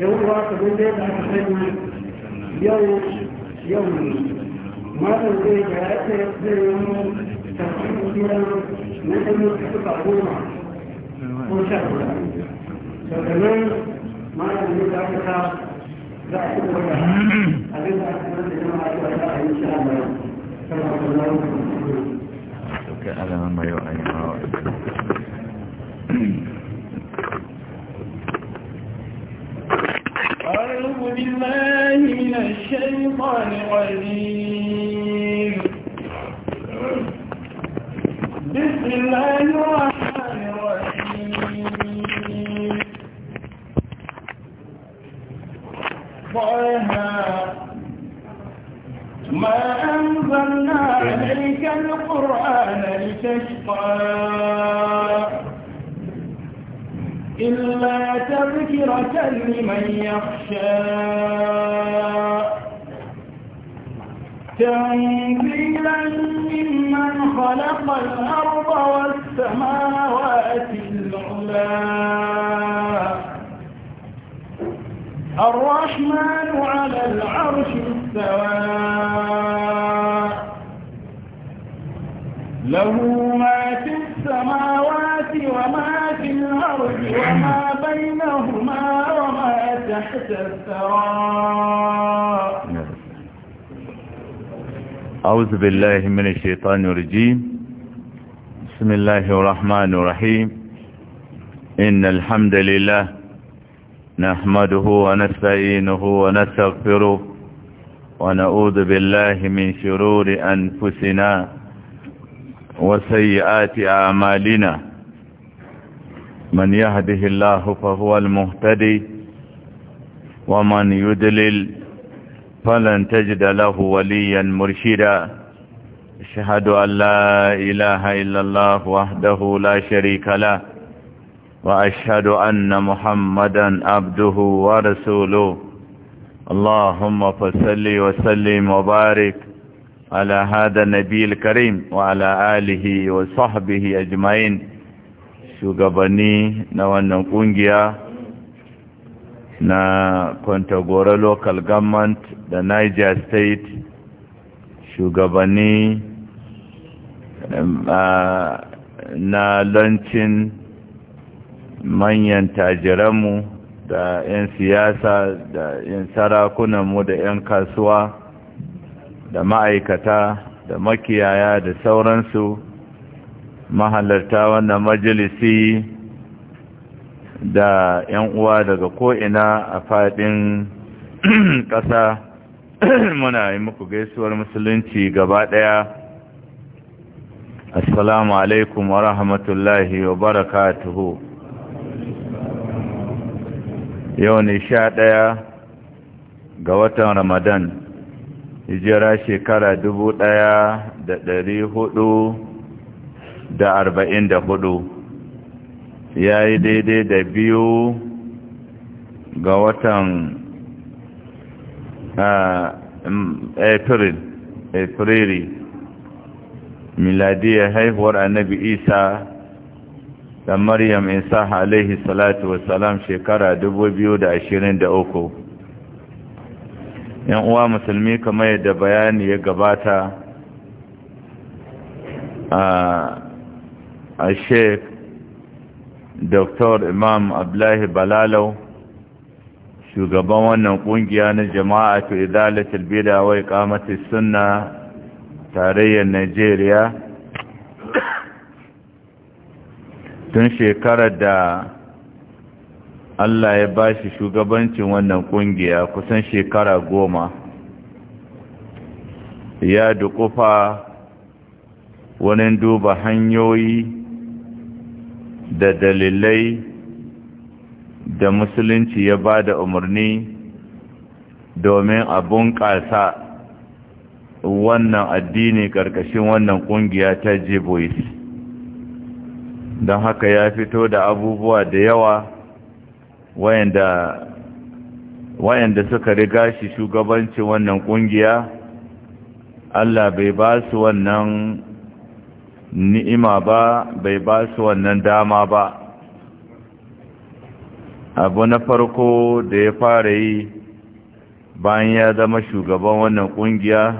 yau ruwa ka gunde da aka sani yau yau ne matan zai da ya ce zai yi mu tafi na ɗanyar ka goma ko sha nan zai da aka sa za a cikin wata abin da aka sani da jama'a ta wata a yi da launin بالله من الشيطان الرجيم بسم الله الرحمن الرحيم طه ما أنزلنا عليك القرآن لتشقى إلا تذكرة لمن يخشى تنزيلا ممن خلق الأرض والسماوات العلا الرحمن على العرش استوى له ما في السماوات وما في الأرض وما بينهما وما تحت الثراء أعوذ بالله من الشيطان الرجيم بسم الله الرحمن الرحيم إن الحمد لله نحمده ونستعينه ونستغفره ونعوذ بالله من شرور أنفسنا وسيئات أعمالنا من يهده الله فهو المهتدي ومن يدلل فلن تجد له وليا مرشدا أشهد أن لا إله إلا الله وحده لا شريك له وأشهد أن محمدا عبده ورسوله اللهم فصل وسلم وبارك على هذا النبي الكريم وعلى آله وصحبه أجمعين shugabanni na wannan kungiya na Kwantagora local government da Niger state shugabanni um, na lancin manyan tajiranmu da 'yan siyasa da 'yan sarakunanmu da 'yan kasuwa da ma'aikata da makiyaya da sauransu mahalarta wannan majalisi da 'yan uwa daga ko'ina a faɗin ƙasa muna yi muku gaisuwar musulunci gaba ɗaya assalamu alaikum wa rahmatullahi wa barakatuhu yau ne sha ɗaya ga watan ramadan hijira shekara dubu ɗaya da ɗari hudu da arba'in da hudu ya yi daidai da biyu ga watan april april miladiya haihuwar annabi isa da maryam isa alaihi salatu wasalam shekara uku. yan uwa musulmi kamar yadda bayani ya gabata a a sheik dr imam abdullahi balalau shugaban wannan kungiya na jama'atu idalatul bid'a wa iqamatis sunna tarayyar Najeriya tun shekarar da Allah ya bashi shugabancin wannan kungiya kusan shekara goma ya dukufa wani duba hanyoyi da dalilai da musulunci ya ba da umarni domin a bunƙasa wannan addini ƙarƙashin wannan ƙungiya ta jibois don haka ya fito da abubuwa da yawa wayanda suka riga shi shugabanci wannan ƙungiya Allah bai ba su wannan ni'ima ba bai ba su wannan dama ba abu na farko da ya fara yi bayan ya zama shugaban wannan kungiya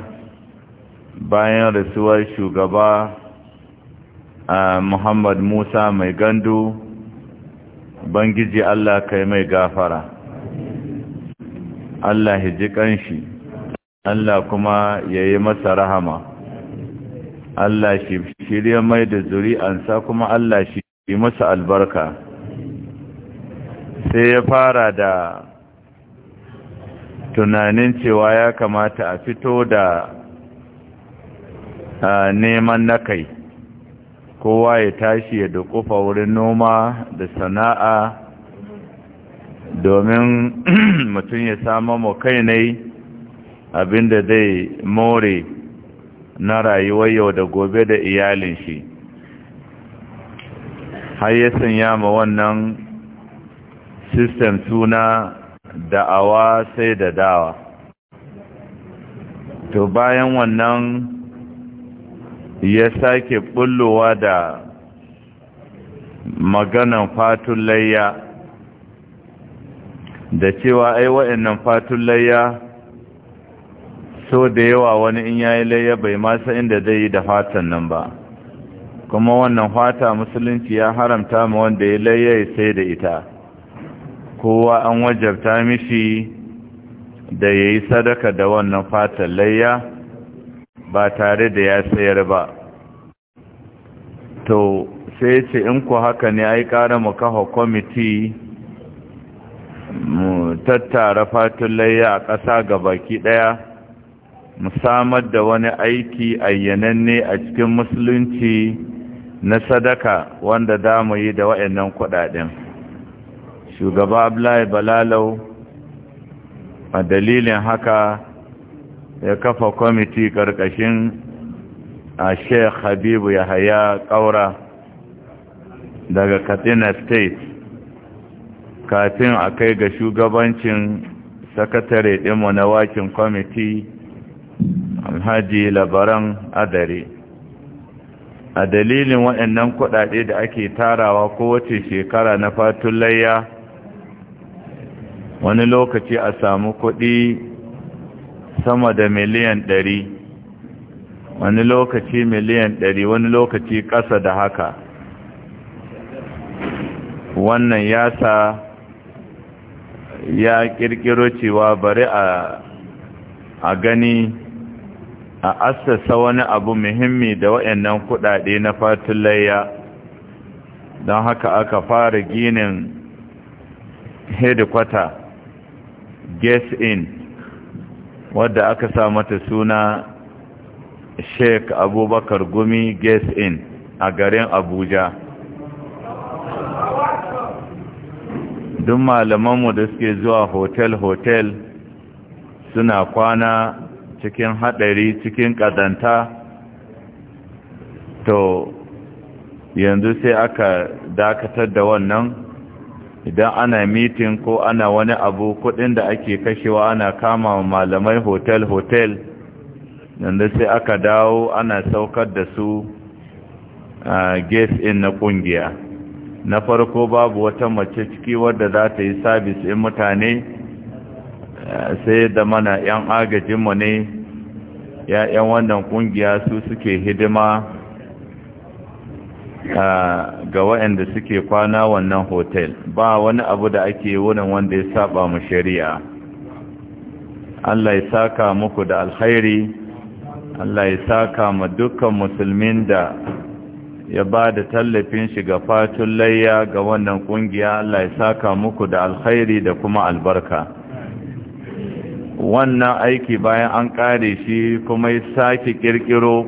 bayan rasuwar shugaba a muhammad musa mai gandu bangiji allah kai mai gafara allah hiji shi. allah kuma ya yi masa rahama Allah shi shirya mai da zuri'ansa kuma Allah shi yi masa albarka sai ya fara da tunanin cewa ya kamata a fito da neman na kai kowa ya tashi ya dukufa wurin noma da sana'a domin mutum ya samu mu kai ne abinda zai more na rayuwar yau da gobe da iyalin shi har ya sanya ma wannan sistem suna da'awa sai da dawa to bayan wannan ya sake bullowa da maganan fatun da cewa ai wa'annan fatun layya so da yawa wani in yayi layya bai masa inda zai yi da fatan nan ba kuma wannan fata musulunci ya haramta ma wanda ya layya sai da ita kowa an wajabta mishi da ya yi sadaka da wannan fatan layya ba tare da ya sayar ba to sai ce in ku haka ne ai ƙara mu kafa kwamiti mu tattara fatun layya a ƙasa ga baki ɗaya mu samar da wani aiki ayyananne a cikin musulunci na sadaka wanda da mu yi da wa'annan kudaden shugaba Abdullahi Balalau a dalilin haka ya kafa kwamiti karkashin a Sheikh Habibu Yahaya Kaura daga Katsina State kafin a kai ga shugabancin sakatare ɗinmu na wakin kwamiti alhaji labaran adare a dalilin waɗannan kuɗaɗe da ake tarawa kowace shekara na fatun layya wani lokaci a samu kuɗi sama da miliyan ɗari wani lokaci miliyan ɗari wani lokaci ƙasa da haka wannan ya sa ya ƙirƙiro cewa bari a gani a assasa wani abu muhimmi da waɗannan kuɗaɗe na fatin layya don haka aka fara ginin hedikwata guest in wadda aka sa mata suna sheik abubakar gumi guest in a garin abuja duk malamanmu da suke zuwa hotel-hotel suna kwana cikin haɗari cikin ƙadanta to yanzu sai aka dakatar da wannan idan ana mitin ko ana wani abu kuɗin da ake kashewa ana kama malamai hotel-hotel yanzu sai aka dawo ana saukar da su a gas in na ƙungiya na farko babu wata mace ciki wadda za ta yi sabis in mutane sai da mana 'yan agajinmu ne ya'yan wannan kungiya su suke hidima ga waɗanda suke kwana wannan hotel ba wani abu da ake wurin wanda ya saba mu shari'a Allah ya saka muku da alkhairi Allah ya saka mu dukkan musulmin da ya ba da tallafin shiga ga fatun layya ga wannan ƙungiya Allah ya saka muku da alkhairi da kuma albarka wannan aiki bayan an ƙare shi kuma ya sake ƙirƙiro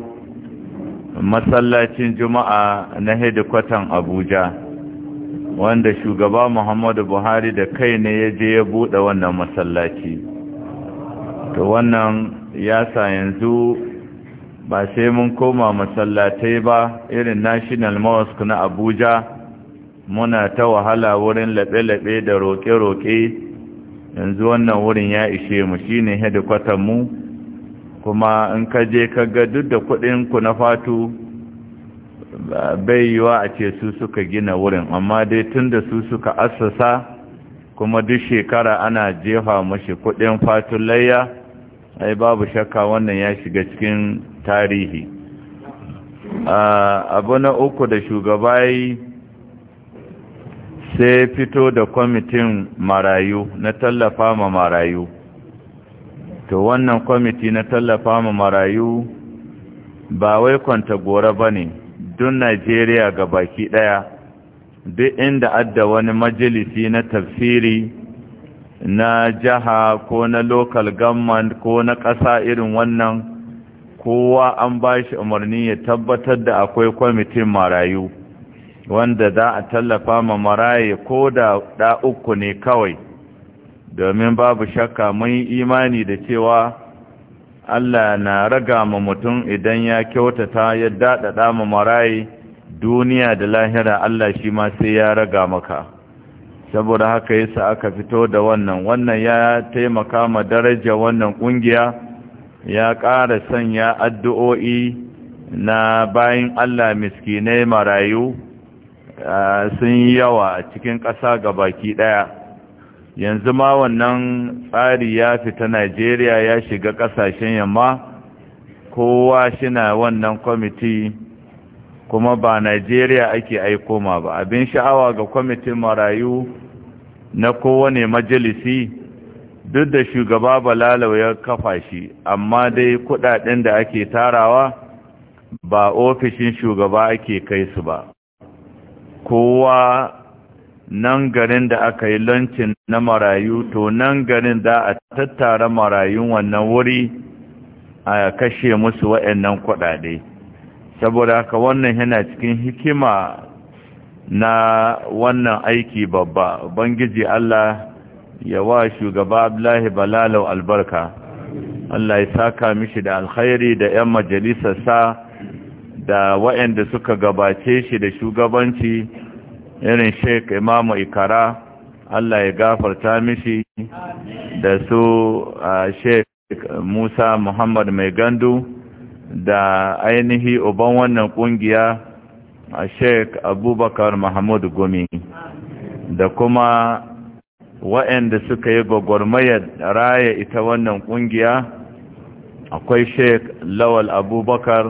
masallacin juma'a na hedikwatan abuja wanda shugaba muhammadu buhari da kai ne ya je ya buɗe wannan masallaci to wannan ya sa yanzu ba sai mun koma masallatai ba irin national mosque na abuja muna ta wahala wurin laɓe-laɓe da roƙe-roƙe yanzu wannan wurin ya ishe mu shine headquarter mu kuma in ka je ka ga duk da kuɗin ku na fatu bai yiwa a ce su suka gina wurin amma dai tun da su suka assasa kuma duk shekara ana jefa mashi kuɗin fatun layya ai babu shakka wannan ya shiga cikin tarihi ah, abu na uku da shugaba yi sai fito da kwamitin marayu na tallafa ma marayu to wannan kwamiti na tallafa ma marayu ba wai kwanta gora ba ne don najeriya ga baki ɗaya duk inda adda wani majalisi na tafsiri na jiha ko na local government ko na ƙasa irin wannan kowa an ba shi umarni ya tabbatar da akwai kwamitin marayu wanda za a tallafa ma maraye ko da da uku ne kawai domin babu shakka mun imani da cewa Allah na raga ma mutum idan ya kyautata ya daɗaɗa ma maraye duniya da lahira Allah shi ma sai ya raga maka saboda haka yasa aka fito da wannan wannan ya taimaka ma daraja wannan ƙungiya ya ƙara sanya addu'o'i na bayin Allah miskinai marayu sun yawa a cikin ƙasa ga baki ɗaya yanzu ma wannan tsari ya fita najeriya ya shiga ƙasashen yamma kowa shina wannan kwamiti kuma ba najeriya ake aiko ma ba abin sha'awa ga kwamitin marayu na kowane majalisi duk da shugaba balalau ya kafa shi amma dai kudaden da ake tarawa ba ofishin shugaba ake kai su ba kowa nan garin da aka yi lancin na marayu to nan garin za a tattara marayun wannan wuri a kashe musu waɗannan kuɗaɗe saboda haka wannan yana cikin hikima na wannan aiki babba Bangiji Allah ya wa shugaba Abdullahi Balalau albarka Allah ya saka mishi da alkhairi da 'yan majalisar sa. da waɗanda suka gabace shi da shugabanci irin sheik Imam ikara Allah ya gafarta mishi da su sheik musa muhammad mai gandu da ainihi uban wannan kungiya a sheik abubakar mahmud gumi da kuma waɗanda suka yi gwagwarmayar raya ita wannan kungiya akwai sheik lawal abubakar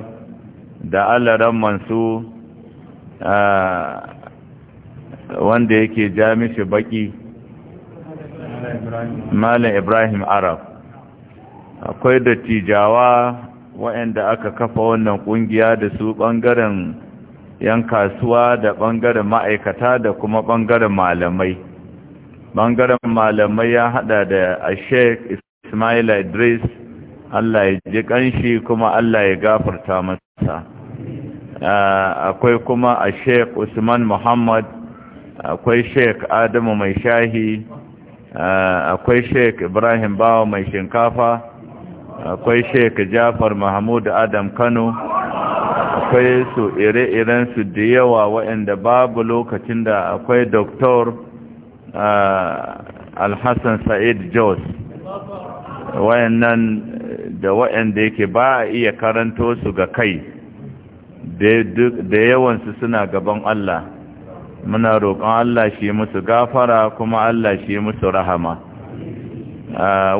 da alaran mansu wanda yake jamishi baki malam ibrahim arab akwai dattijawa waɗanda aka kafa wannan ƙungiya da su ɓangaren yan kasuwa da ɓangaren ma'aikata da kuma ɓangaren malamai ɓangaren malamai ya haɗa da ashek ismail idris allah ya ji ƙanshi kuma allah ya gafarta masa akwai kuma a sheik usman muhammad akwai sheik adamu mai shahi akwai sheik ibrahim bawa mai shinkafa akwai sheik jafar mahmud adam kano akwai su ire-iren su da yawa waɗanda babu lokacin da akwai doktor alhassan sa'id jos wayannan da waɗanda yake ba a iya karanto su ga kai da yawansu suna gaban Allah muna roƙon Allah shi musu gafara kuma Allah shi musu rahama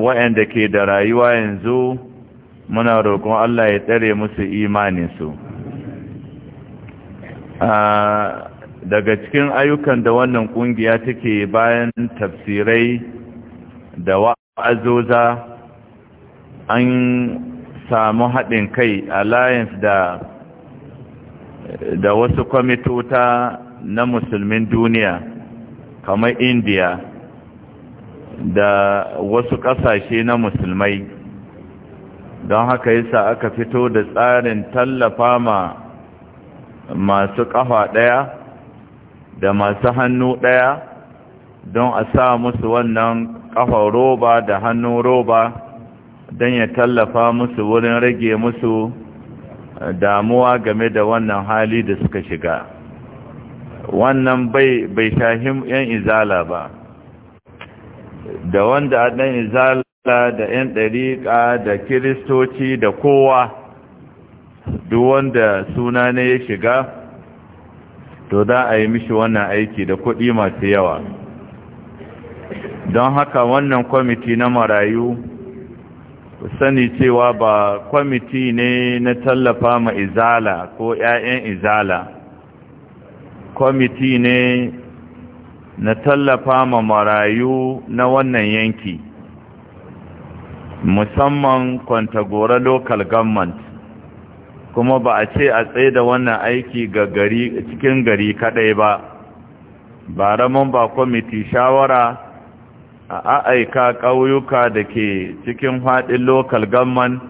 waɗanda ke da rayuwa yanzu muna roƙon Allah ya tsare musu imaninsu daga cikin ayyukan da wannan ƙungiya take bayan tafsirai da wa'azoza an samu haɗin kai alliance da da wasu kwamitota na musulmin duniya kamar indiya da wasu ƙasashe na musulmai don haka yasa aka fito da tsarin tallafa ma masu ƙafa ɗaya da masu hannu ɗaya don a sa musu wannan ƙafa roba da hannun roba don ya tallafa musu wurin rage musu damuwa game da wannan hali da suka shiga wannan bai bai shahim yan izala ba da wanda dan izala da yan ɗariƙa da kiristoci da kowa duk wanda suna ne ya shiga to za a yi mishi wannan aiki da kuɗi masu yawa don haka wannan kwamiti na marayu sani cewa ba kwamiti ne na tallafa ma izala ko 'ya'yan izala kwamiti ne na tallafa ma marayu na wannan yanki musamman kwantagora local government kuma ba a ce a tsaye da wannan aiki ga gari cikin gari kadai ba ba ramon ba kwamiti shawara a aika ƙauyuka da ke cikin haɗin lokal gamman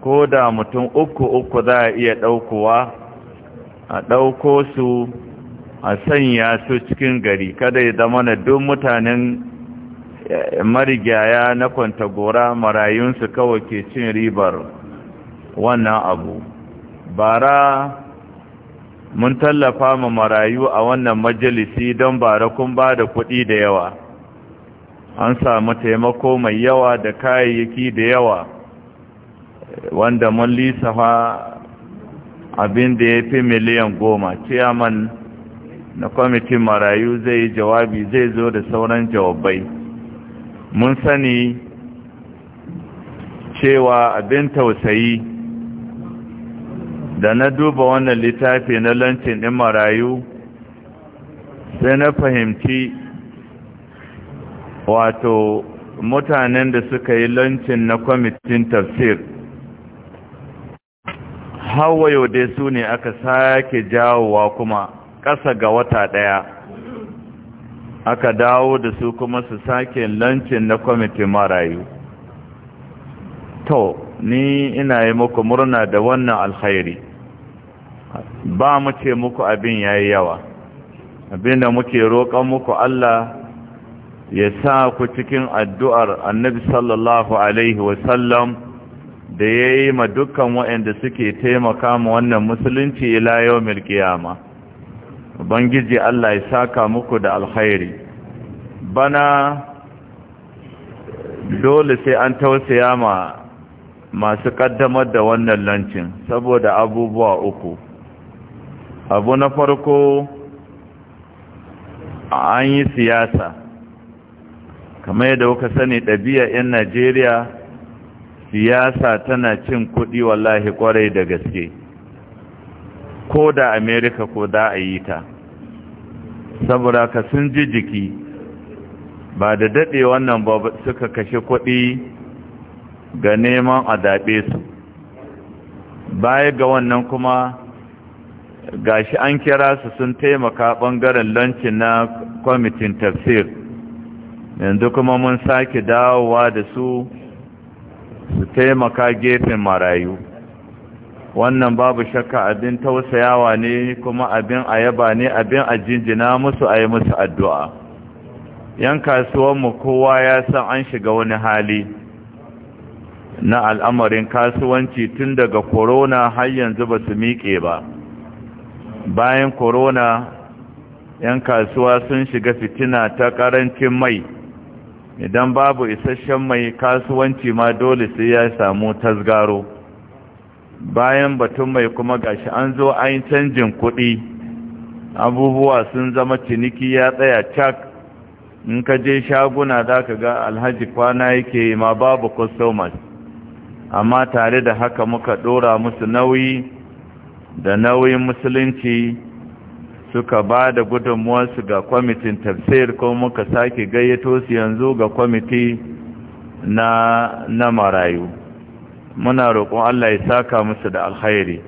ko da mutum uku uku za a iya ɗaukowa a ɗauko su a sanya su cikin gari kada ya zama na duk mutanen eh, marigaya na kwantagora marayunsu kawai ke cin ribar wannan abu bara mun tallafa ma marayu a wannan majalisi don bara kun ba da kuɗi da yawa an samu taimako mai yawa da kayayyaki da yawa wanda mun lisafa abin da ya fi miliyan goma ciyaman na kwamitin marayu zai jawabi zai zo da sauran jawabai mun sani cewa abin tausayi da na duba wannan littafi na lancin ɗin marayu sai na fahimci wato mutanen da suka yi lancin na kwamitin tafsir hawayo dai su ne aka sake jawowa kuma ƙasa ga wata ɗaya aka dawo da su kuma su sake lancin na kwamitin marayu to ni ina yi muku murna da wannan alkhairi ba mu ce muku abin yayi yawa abinda muke roƙon muku Allah ya sa ku cikin addu'ar annabi sallallahu alaihi wasallam da ya yi ma dukkan waɗanda suke taimaka ma wannan musulunci ila yau milkiyama Bangiji Allah ya saka muku da alkhairi bana dole sai an tausaya ma masu kaddamar da wannan lancin saboda abubuwa uku abu na farko an yi siyasa kamar yadda kuka sani ɗabi'a 'yan najeriya siyasa tana cin kuɗi wallahi kwarai da gaske ko da amerika ko da a yi ta saboda ka sun ji jiki ba da daɗe wannan ba suka kashe kuɗi ga neman a daɓe su baya ga wannan kuma gashi an kira su sun taimaka ɓangaren lanci na kwamitin tafsir yanzu kuma mun sake dawowa da su su taimaka gefen marayu wannan babu shakka abin tausayawa ne kuma abin ayaba ne abin jinjina musu a yi musu addu'a yan kasuwanmu kowa ya san an shiga wani hali na al'amarin kasuwanci tun daga korona har yanzu ba su miƙe ba bayan korona yan kasuwa sun shiga fitina ta ƙarancin mai idan babu isasshen mai kasuwanci ma dole sai ya samu tasgaro bayan batun mai kuma gashi an zo an canjin kuɗi abubuwa sun zama ciniki ya tsaya cak in ka je shaguna za ka ga alhaji kwana yake ma babu customers amma tare da haka muka ɗora musu nauyi da nauyin musulunci suka ba da su ga kwamitin tafsir ko muka sake gayyato su yanzu ga kwamiti na, na marayu muna roƙon Allah ya saka musu da alkhairi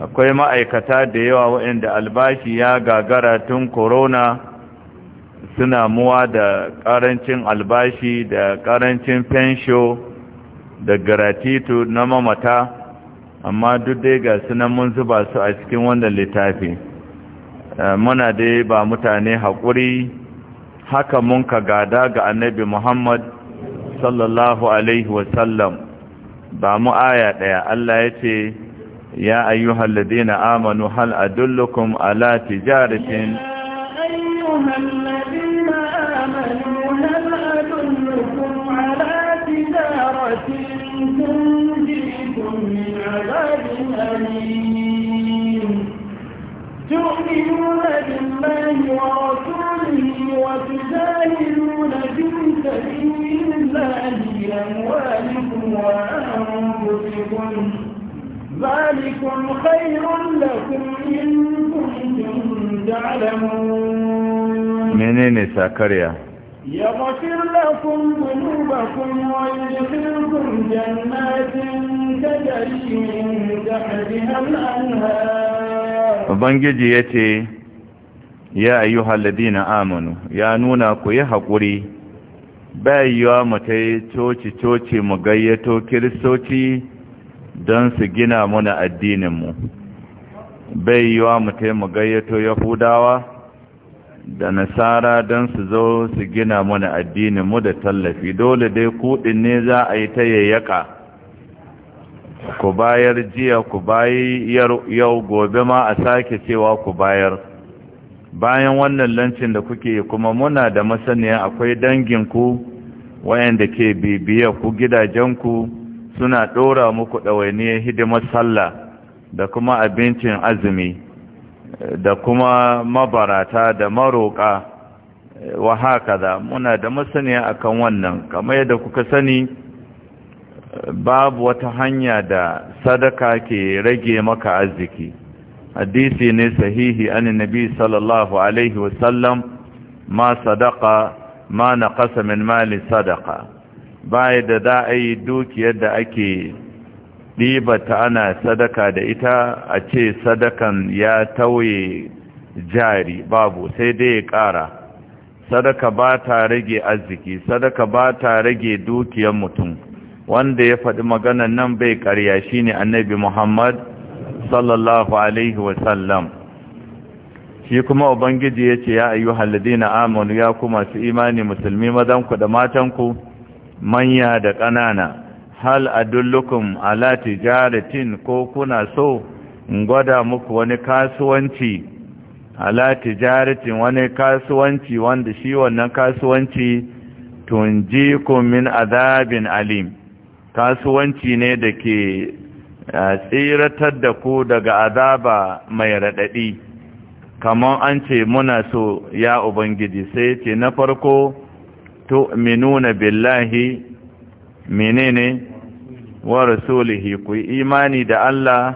akwai ma'aikata da yawa waɗanda albashi ya gagara tun korona suna muwa da ƙarancin albashi da ƙarancin fensho da gratitu na mamata amma duk dai ga sunan mun zuba su a cikin wannan littafi Eh, muna dai ba mutane haƙuri haka mun ka gada ga annabi Muhammad sallallahu alaihi wasallam ba mu aya ɗaya Allah ya ce ya ayyuhal ladina amanu hal adullukum ala tijaratin تؤمنون بالله ورسوله وتجاهدون في سبيل الله بأموالكم وأنفسكم ذلكم خير لكم إن كنتم تعلمون منين ساكريا يغفر لكم ذنوبكم ويدخلكم جنات تجري من تحتها الأنهار ubangiji ya ce ya halabi na amanu ya nuna ku yi haƙuri bayyuwa mu ta yi coci-coci mu gayyato kiristoci don su gina muna addininmu bayyuwa mu ta yi mu gayyato yahudawa da nasara don su zo su gina muna addininmu da tallafi dole dai kuɗin ne za a yi ta yayyaka ku bayar jiya ku bayar yau gobe ma a sake cewa ku bayar bayan wannan lancin da kuke kuma muna da masaniya akwai danginku wayanda ke bibiya ku gidajenku suna ɗora muku ɗawainiyar hidimar sallah da kuma abincin azumi da kuma mabarata da maroƙa wa haka muna da masaniya akan wannan kamar yadda kuka sani babu wata hanya da sadaka ke rage maka arziki hadisi ne sahihi an nabi sallallahu alaihi wasallam ma sadaka ma naqasa min mali sadaka baya da za a yi dukiyar da ake ɗibata ana sadaka da ita a ce sadakan ya tauye jari babu sai dai ya ƙara sadaka ba ta rage arziki sadaka ba ta rage dukiyar mutum wanda ya faɗi maganan nan bai ƙarya ne annabi Muhammad sallallahu alaihi wasallam shi kuma ubangiji ce ya halladi na amonu ya kuma su imani musulmi mazan da matanku manya da ƙanana hal adullukum ala tijaratin ko kuna so in gwada muku wani kasuwanci ala tijaratin wani kasuwanci wanda shi wannan kasuwanci ku min azabin alim kasuwanci ne da ke eh, tsiratar da ku daga azaba mai raɗaɗi kamar an ce muna so ya ubangiji sai ce na farko to minuna billahi menene wa rasulihi ku imani da Allah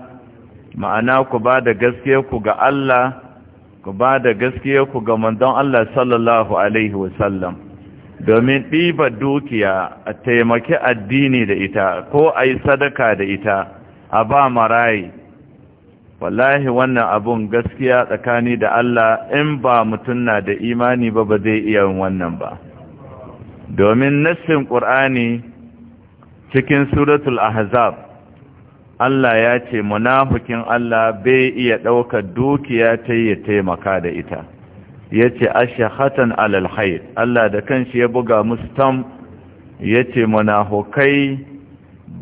ma'ana ku ba da gaskiya ku ga Allah ku ba da gaskiya ku ga manzon Allah sallallahu alaihi wasallam domin ɗiba dukiya a taimaki addini da ita ko a yi sadaka da ita a ba marayi wallahi wannan abun gaskiya tsakani da Allah in ba mutum na da imani ba ba zai iya wannan ba domin nassin ƙur'ani cikin suratul ahzab Allah ya ce munafikin Allah bai iya ɗaukar dukiya ta yi taimaka da ita ya ce ashahatan alalhaid Allah da kanshi ya buga mustam ya ce munahukai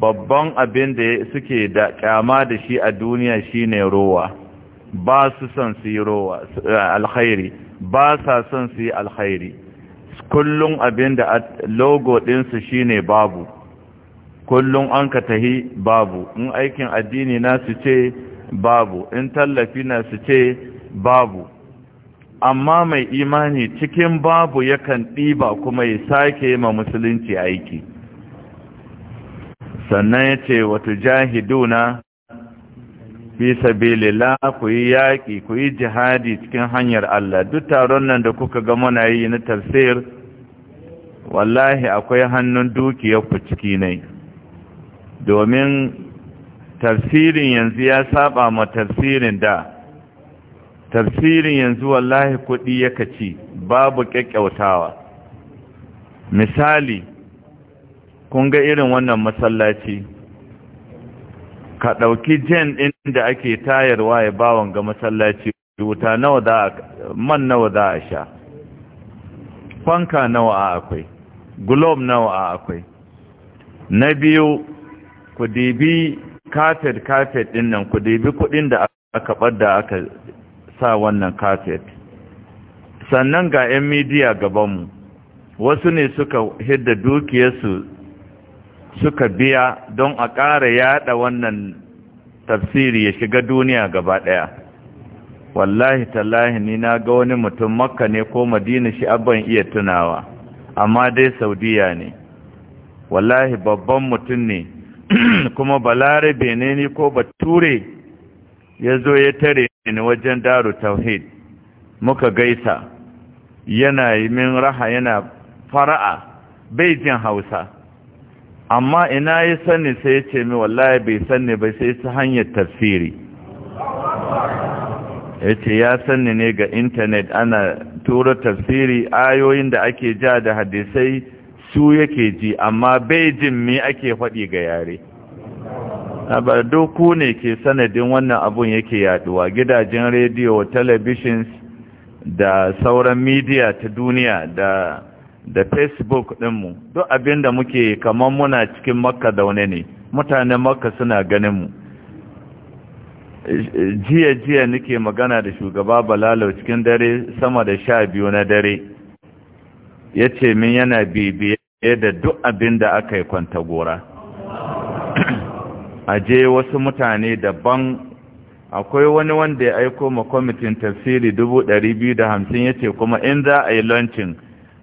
babban abin da suke da kyama da shi a duniya shine rowa ba su son su yi rowa alkhairi ba sa son su yi alkhairi kullum abin da logo ɗinsu shine babu kullum an ka tahi babu in aikin addini na su ce babu in tallafi na su ce babu amma mai imani cikin babu yakan ɗiba kuma ya sake ma musulunci aiki sannan ya ce wata jahiduna bisa sabilillah ku yi yaƙi ku yi jihadi cikin hanyar Allah duk taron nan da kuka ga mana yi na tafsir wallahi akwai hannun dukiyarku ciki ne domin tafsirin yanzu ya saba ma tafsirin da tafsirin yanzu wallahi kuɗi yaka ci babu kyakkyautawa. misali kun ga irin wannan masallaci ka ɗauki jen ɗin da ake tayarwa ya bawon ga masallaci wuta nawa za a man nawa za a sha fanka nawa a akwai globe nawa a akwai na biyu ku dibi kafet kafet ɗin nan ku dibi kuɗin da aka da aka sa wannan kaset sannan ga 'yan midiya gabanmu wasu ne suka hidda dukiyarsu suka biya don a ƙara yada wannan tafsiri ya shiga duniya gaba ɗaya wallahi tallahi ni na ga wani mutum makka ne ko madina shi abban iya tunawa amma dai saudiya ne wallahi babban mutum ne kuma balare ne ko bature ya zo ya tare ni wajen daru tauhid muka gaisa yana yi min raha yana fara'a bai jin hausa amma ina ya sani sai ya ce mi wallahi bai sani bai sai su hanyar tafsiri ya ce ya sani ne ga intanet ana tura tafsiri ayoyin da ake ja da hadisai su yake ji amma bai jin mi ake faɗi ga yare bardo ku ne ke sanadin wannan abun yake yaduwa gidajen rediyo televisions da sauran media ta duniya da da facebook dinmu duk abinda muke kamar muna cikin makka daune ne mutanen makka suna ganinmu jiya-jiya nake magana da shugaba balalo cikin dare sama da sha biyu na dare ya ce min yana bibiye da duk abinda aka yi kwanta gora aje wasu mutane daban akwai wani wanda ya aiko ma kwamitin tafsiri 250 ya ce kuma in za a yi lancin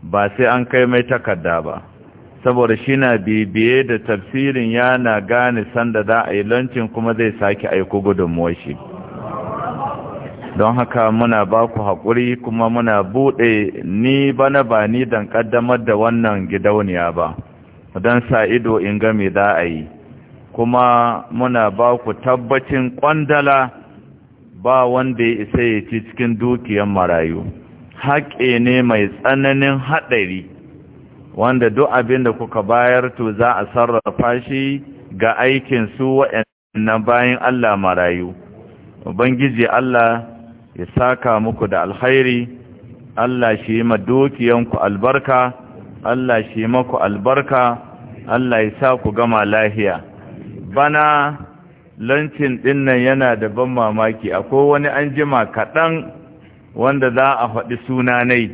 ba sai an kai mai takarda ba saboda shi na bibiye da tafsirin yana gane sanda za a yi lancin kuma zai sake aiko gudunmuwa shi don haka muna ba ku haƙuri kuma muna buɗe ni bana ba ni don ƙaddamar da wannan gidauniya ba don sa ido in me za a yi kuma muna ba ku tabbacin ƙwandala ba wanda ya isa ya ci cikin dukiyan marayu haƙe ne mai tsananin haɗari wanda duk abin da kuka bayar to za a sarrafa shi ga aikin su na bayan Allah marayu ubangiji Allah ya saka muku da alkhairi Allah shi ma dukiyanku albarka Allah shi maku albarka Allah ya sa ku gama lahiya bana lancin dinnan yana da ban mamaki akwai wani an jima kaɗan wanda za a faɗi sunanai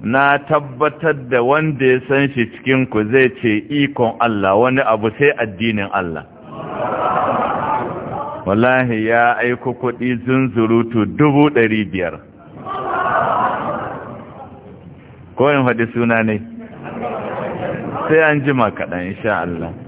na tabbatar da wanda ya san shi cikinku zai ce ikon Allah wani abu sai addinin Allah wallahi ya aiko kuɗi zunzurutu dubu ɗari biyar ko in faɗi sunanai sai an jima kaɗan insha Allah